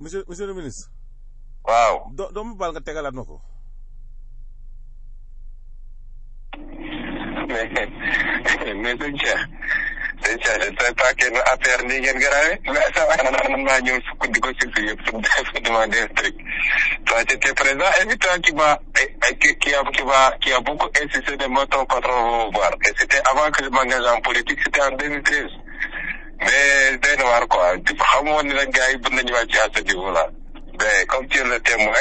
monsieur monsieur le ministre. waaw. do doomu baal nga tegalaat ma ko. mais mais sëñ Cheikh sëñ Cheikh tey paquet na affaire nii ngeen garaawee mais ça na man maa ñëw sukk di ko sukk yëpp pour demander un truc. toi tu étais présent et toi qui m'a qui qui a qui m'a qui a beaucoup insisté de mettre ton patron au pouvoir et c'était avant que je m'engage en politique c'était en 2013 mais waaw di xamoon ne nag gars yi mën nañu wàcc à ce niveau là mais comme tu es témoin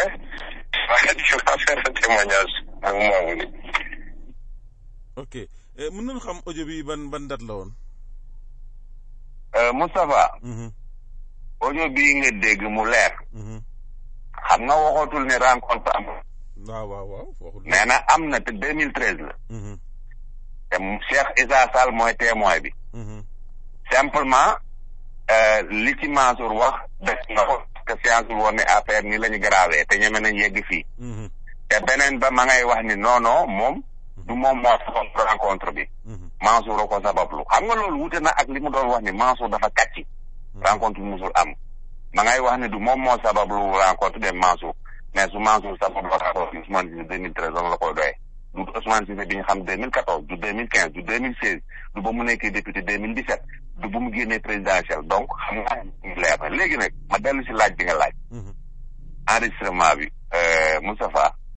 waaye tu vas faire le ok eh, mën nañu xam audio bi ban ban la woon. Euh, Moustapha. Mhm. audio bii nga dégg mu leer. Mhm. xam nga waxatul ne rencontre am. waaw waaw waaw waxul nee na am na te 2013 la. Mhm. te Cheikh Issa Sall mooy témoin bi. simplement. Eh, li ci Mansour wax des na ko que science woon ne affaire ni la ñu garaawee te ñeme nañ yegg fii te beneen ba ma ngay wax ni non non mom du mom moo sababu rencontre bi Mansour ko sabablu xam nga loolu wute na ak li mu doon wax ni Mansour dafa kàcci rencontre musul am ma ngay wax ni du moom moo sabablu rencontre de Mansour mais su Mansour sabablu rencontre Ousmane Dine 2013 la koy doyee eh. Ousmane bi 2014 du 2015 du 2016 du ba mu nekkee député 2017 du bu mu génnee présidentiel donc xam naa leer na léegi ma dellu laaj bi nga laaj. Mhm. enregistrement bi euh,